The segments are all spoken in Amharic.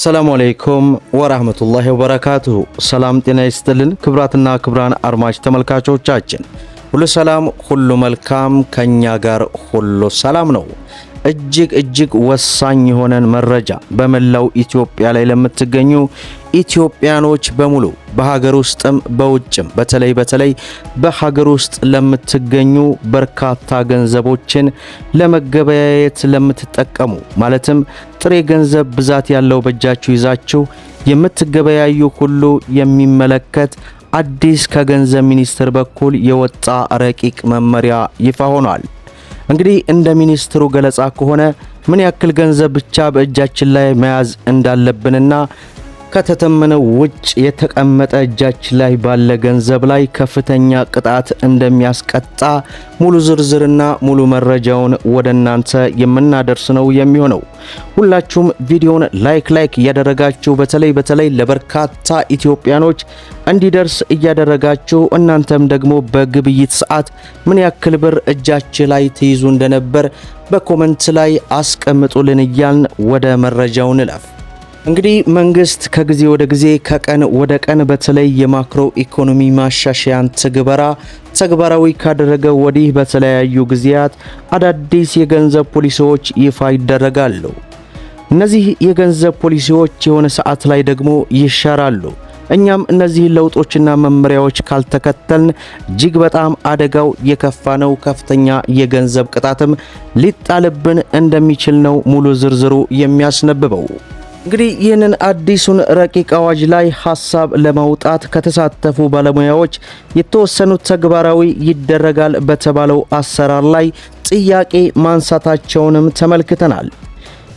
አሰላሙ አለይኩም ወራህመቱላሂ ወበረካቱሁ። ሰላም ጤና ይስጥልን። ክብራትና ክብራን አድማጭ ተመልካቾቻችን ሁሉ ሰላም፣ ሁሉ መልካም፣ ከኛ ጋር ሁሉ ሰላም ነው። እጅግ እጅግ ወሳኝ የሆነን መረጃ በመላው ኢትዮጵያ ላይ ለምትገኙ ኢትዮጵያኖች በሙሉ በሀገር ውስጥም በውጭም በተለይ በተለይ በሀገር ውስጥ ለምትገኙ በርካታ ገንዘቦችን ለመገበያየት ለምትጠቀሙ ማለትም ጥሬ ገንዘብ ብዛት ያለው በእጃችሁ ይዛችሁ የምትገበያዩ ሁሉ የሚመለከት አዲስ ከገንዘብ ሚኒስቴር በኩል የወጣ ረቂቅ መመሪያ ይፋ ሆኗል። እንግዲህ እንደ ሚኒስትሩ ገለጻ ከሆነ ምን ያክል ገንዘብ ብቻ በእጃችን ላይ መያዝ እንዳለብንና ከተተመነው ውጭ የተቀመጠ እጃችን ላይ ባለ ገንዘብ ላይ ከፍተኛ ቅጣት እንደሚያስቀጣ ሙሉ ዝርዝርና ሙሉ መረጃውን ወደ እናንተ የምናደርስ ነው የሚሆነው። ሁላችሁም ቪዲዮውን ላይክ ላይክ እያደረጋችሁ በተለይ በተለይ ለበርካታ ኢትዮጵያኖች እንዲደርስ እያደረጋችሁ እናንተም ደግሞ በግብይት ሰዓት ምን ያክል ብር እጃችሁ ላይ ትይዙ እንደነበር በኮመንት ላይ አስቀምጡልን እያልን ወደ መረጃው እንለፍ። እንግዲህ መንግስት ከጊዜ ወደ ጊዜ ከቀን ወደ ቀን በተለይ የማክሮ ኢኮኖሚ ማሻሻያን ትግበራ ተግባራዊ ካደረገ ወዲህ በተለያዩ ጊዜያት አዳዲስ የገንዘብ ፖሊሲዎች ይፋ ይደረጋሉ። እነዚህ የገንዘብ ፖሊሲዎች የሆነ ሰዓት ላይ ደግሞ ይሻራሉ። እኛም እነዚህን ለውጦችና መመሪያዎች ካልተከተልን እጅግ በጣም አደጋው የከፋ ነው። ከፍተኛ የገንዘብ ቅጣትም ሊጣልብን እንደሚችል ነው ሙሉ ዝርዝሩ የሚያስነብበው። እንግዲህ ይህንን አዲሱን ረቂቅ አዋጅ ላይ ሀሳብ ለማውጣት ከተሳተፉ ባለሙያዎች የተወሰኑት ተግባራዊ ይደረጋል በተባለው አሰራር ላይ ጥያቄ ማንሳታቸውንም ተመልክተናል።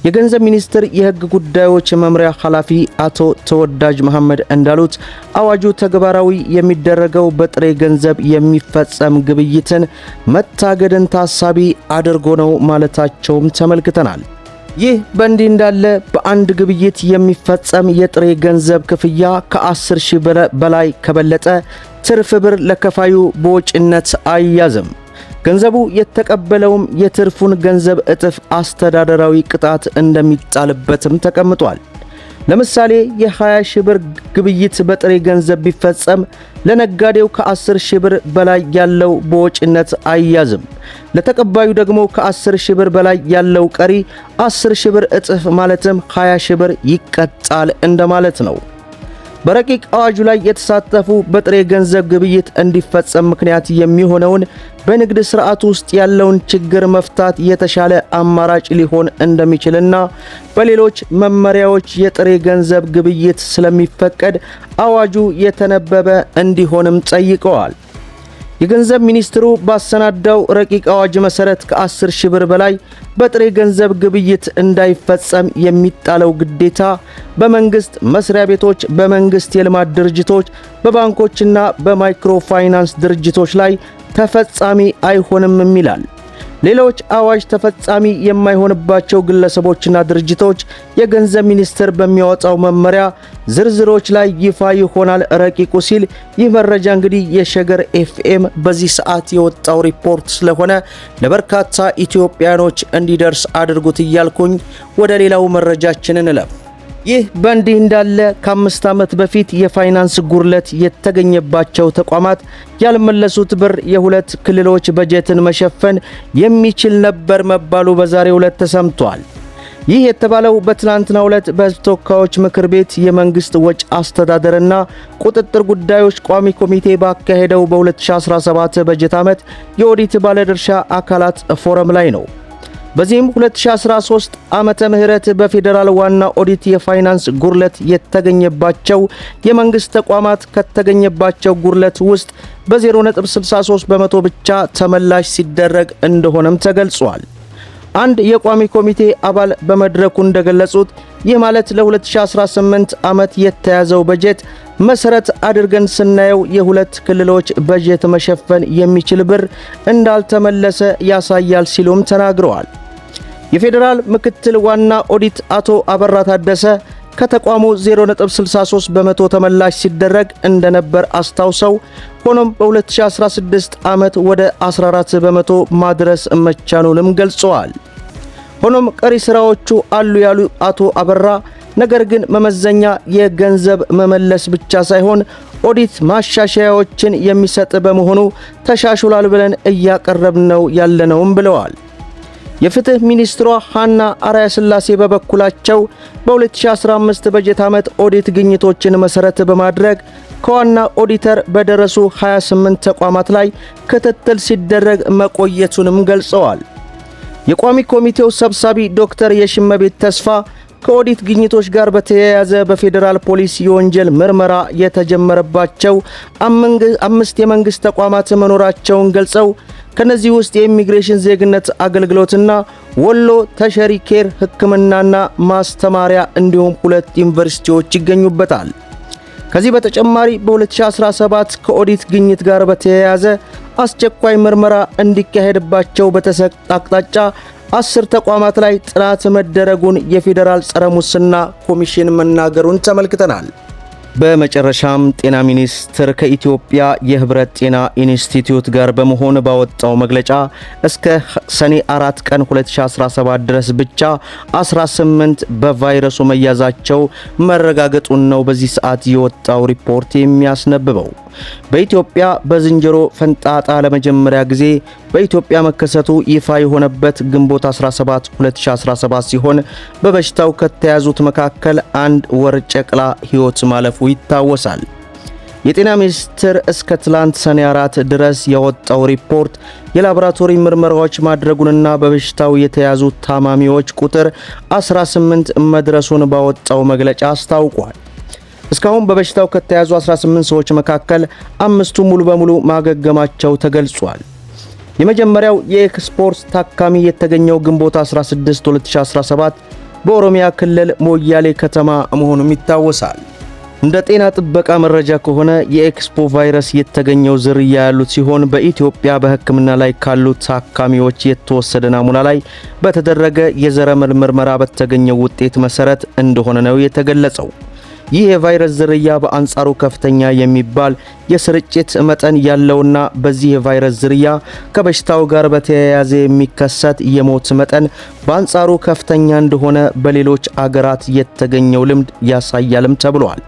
የገንዘብ ሚኒስቴር የሕግ ጉዳዮች መምሪያ ኃላፊ አቶ ተወዳጅ መሐመድ እንዳሉት አዋጁ ተግባራዊ የሚደረገው በጥሬ ገንዘብ የሚፈጸም ግብይትን መታገድን ታሳቢ አድርጎ ነው ማለታቸውም ተመልክተናል። ይህ በእንዲህ እንዳለ በአንድ ግብይት የሚፈጸም የጥሬ ገንዘብ ክፍያ ከ10 ሺህ በላይ ከበለጠ ትርፍ ብር ለከፋዩ በወጪነት አይያዝም። ገንዘቡ የተቀበለውም የትርፉን ገንዘብ እጥፍ አስተዳደራዊ ቅጣት እንደሚጣልበትም ተቀምጧል። ለምሳሌ የ20 ሺህ ብር ግብይት በጥሬ ገንዘብ ቢፈጸም ለነጋዴው ከ10 ሺህ ብር በላይ ያለው በወጪነት አይያዝም። ለተቀባዩ ደግሞ ከ10 ሺህ ብር በላይ ያለው ቀሪ 10 ሺህ ብር እጥፍ ማለትም 20 ሺህ ብር ይቀጣል እንደማለት ነው። በረቂቅ አዋጁ ላይ የተሳተፉ በጥሬ ገንዘብ ግብይት እንዲፈጸም ምክንያት የሚሆነውን በንግድ ስርዓት ውስጥ ያለውን ችግር መፍታት የተሻለ አማራጭ ሊሆን እንደሚችልና በሌሎች መመሪያዎች የጥሬ ገንዘብ ግብይት ስለሚፈቀድ አዋጁ የተነበበ እንዲሆንም ጠይቀዋል። የገንዘብ ሚኒስትሩ ባሰናዳው ረቂቅ አዋጅ መሰረት ከ10 ሺህ ብር በላይ በጥሬ ገንዘብ ግብይት እንዳይፈጸም የሚጣለው ግዴታ በመንግስት መስሪያ ቤቶች፣ በመንግስት የልማት ድርጅቶች፣ በባንኮችና በማይክሮ ፋይናንስ ድርጅቶች ላይ ተፈጻሚ አይሆንም ይላል። ሌሎች አዋጅ ተፈጻሚ የማይሆንባቸው ግለሰቦችና ድርጅቶች የገንዘብ ሚኒስቴር በሚያወጣው መመሪያ ዝርዝሮች ላይ ይፋ ይሆናል ረቂቁ ሲል ይህ መረጃ እንግዲህ የሸገር ኤፍኤም በዚህ ሰዓት የወጣው ሪፖርት ስለሆነ ለበርካታ ኢትዮጵያኖች እንዲደርስ አድርጉት እያልኩኝ ወደ ሌላው መረጃችንን እለፍ። ይህ በእንዲህ እንዳለ ከአምስት ዓመት በፊት የፋይናንስ ጉድለት የተገኘባቸው ተቋማት ያልመለሱት ብር የሁለት ክልሎች በጀትን መሸፈን የሚችል ነበር መባሉ በዛሬው ዕለት ተሰምቷል። ይህ የተባለው በትናንትናው ዕለት በሕዝብ ተወካዮች ምክር ቤት የመንግሥት ወጪ አስተዳደርና ቁጥጥር ጉዳዮች ቋሚ ኮሚቴ ባካሄደው በ2017 በጀት ዓመት የኦዲት ባለድርሻ አካላት ፎረም ላይ ነው። በዚህም 2013 ዓመተ ምህረት በፌዴራል ዋና ኦዲት የፋይናንስ ጉርለት የተገኘባቸው የመንግስት ተቋማት ከተገኘባቸው ጉርለት ውስጥ በ0.63 በመቶ ብቻ ተመላሽ ሲደረግ እንደሆነም ተገልጿል። አንድ የቋሚ ኮሚቴ አባል በመድረኩ እንደገለጹት ይህ ማለት ለ2018 ዓመት የተያዘው በጀት መሰረት አድርገን ስናየው የሁለት ክልሎች በጀት መሸፈን የሚችል ብር እንዳልተመለሰ ያሳያል ሲሉም ተናግረዋል። የፌዴራል ምክትል ዋና ኦዲት አቶ አበራ ታደሰ ከተቋሙ 0.63 በመቶ ተመላሽ ሲደረግ እንደነበር አስታውሰው ሆኖም በ2016 ዓመት ወደ 14 በመቶ ማድረስ መቻኑንም ገልጸዋል። ሆኖም ቀሪ ሥራዎቹ አሉ ያሉ አቶ አበራ ነገር ግን መመዘኛ የገንዘብ መመለስ ብቻ ሳይሆን ኦዲት ማሻሻያዎችን የሚሰጥ በመሆኑ ተሻሽሏል ብለን እያቀረብነው ያለነውም ብለዋል። የፍትህ ሚኒስትሯ ሃና አርአያ ሥላሴ በበኩላቸው በ2015 በጀት ዓመት ኦዲት ግኝቶችን መሠረት በማድረግ ከዋና ኦዲተር በደረሱ 28 ተቋማት ላይ ክትትል ሲደረግ መቆየቱንም ገልጸዋል። የቋሚ ኮሚቴው ሰብሳቢ ዶክተር የሽመቤት ተስፋ ከኦዲት ግኝቶች ጋር በተያያዘ በፌዴራል ፖሊስ የወንጀል ምርመራ የተጀመረባቸው አምስት የመንግሥት ተቋማት መኖራቸውን ገልጸው ከነዚህ ውስጥ የኢሚግሬሽን ዜግነት አገልግሎትና ወሎ ተሸሪ ኬር ሕክምናና ማስተማሪያ እንዲሁም ሁለት ዩኒቨርሲቲዎች ይገኙበታል። ከዚህ በተጨማሪ በ2017 ከኦዲት ግኝት ጋር በተያያዘ አስቸኳይ ምርመራ እንዲካሄድባቸው በተሰጠ አቅጣጫ አስር ተቋማት ላይ ጥናት መደረጉን የፌዴራል ጸረ ሙስና ኮሚሽን መናገሩን ተመልክተናል። በመጨረሻም ጤና ሚኒስቴር ከኢትዮጵያ የህብረት ጤና ኢንስቲትዩት ጋር በመሆን ባወጣው መግለጫ እስከ ሰኔ 4 ቀን 2017 ድረስ ብቻ 18 በቫይረሱ መያዛቸው መረጋገጡን ነው በዚህ ሰዓት የወጣው ሪፖርት የሚያስነብበው። በኢትዮጵያ በዝንጀሮ ፈንጣጣ ለመጀመሪያ ጊዜ በኢትዮጵያ መከሰቱ ይፋ የሆነበት ግንቦት 17 2017 ሲሆን በበሽታው ከተያዙት መካከል አንድ ወር ጨቅላ ህይወት ማለፉ ይታወሳል። የጤና ሚኒስቴር እስከ ትላንት ሰኔ አራት ድረስ የወጣው ሪፖርት የላቦራቶሪ ምርመራዎች ማድረጉንና በበሽታው የተያዙ ታማሚዎች ቁጥር 18 መድረሱን ባወጣው መግለጫ አስታውቋል። እስካሁን በበሽታው ከተያዙ 18 ሰዎች መካከል አምስቱ ሙሉ በሙሉ ማገገማቸው ተገልጿል። የመጀመሪያው የኤክስፖርት ታካሚ የተገኘው ግንቦት 16 2017 በኦሮሚያ ክልል ሞያሌ ከተማ መሆኑም ይታወሳል። እንደ ጤና ጥበቃ መረጃ ከሆነ የኤክስፖ ቫይረስ የተገኘው ዝርያ ያሉት ሲሆን በኢትዮጵያ በሕክምና ላይ ካሉት ታካሚዎች የተወሰደ ናሙና ላይ በተደረገ የዘረመል ምርመራ በተገኘው ውጤት መሰረት እንደሆነ ነው የተገለጸው። ይህ የቫይረስ ዝርያ በአንጻሩ ከፍተኛ የሚባል የስርጭት መጠን ያለውና በዚህ የቫይረስ ዝርያ ከበሽታው ጋር በተያያዘ የሚከሰት የሞት መጠን በአንጻሩ ከፍተኛ እንደሆነ በሌሎች አገራት የተገኘው ልምድ ያሳያልም ተብሏል።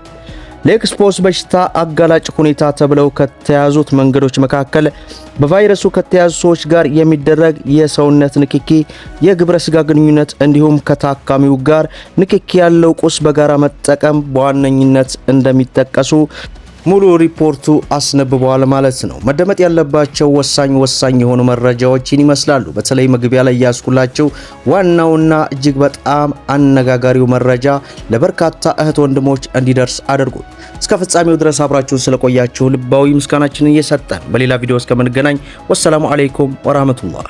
ለኤክስፖስ በሽታ አጋላጭ ሁኔታ ተብለው ከተያዙት መንገዶች መካከል በቫይረሱ ከተያዙ ሰዎች ጋር የሚደረግ የሰውነት ንክኪ፣ የግብረ ስጋ ግንኙነት እንዲሁም ከታካሚው ጋር ንክኪ ያለው ቁስ በጋራ መጠቀም በዋነኝነት እንደሚጠቀሱ ሙሉ ሪፖርቱ አስነብበዋል ማለት ነው። መደመጥ ያለባቸው ወሳኝ ወሳኝ የሆኑ መረጃዎችን ይመስላሉ። በተለይ መግቢያ ላይ ያስኩላቸው ዋናውና እጅግ በጣም አነጋጋሪው መረጃ ለበርካታ እህት ወንድሞች እንዲደርስ አድርጉ። እስከ ፍጻሜው ድረስ አብራችሁን ስለቆያችሁ ልባዊ ምስጋናችንን እየሰጠን በሌላ ቪዲዮ እስከምንገናኝ ወሰላሙ አሌይኩም ወራህመቱላህ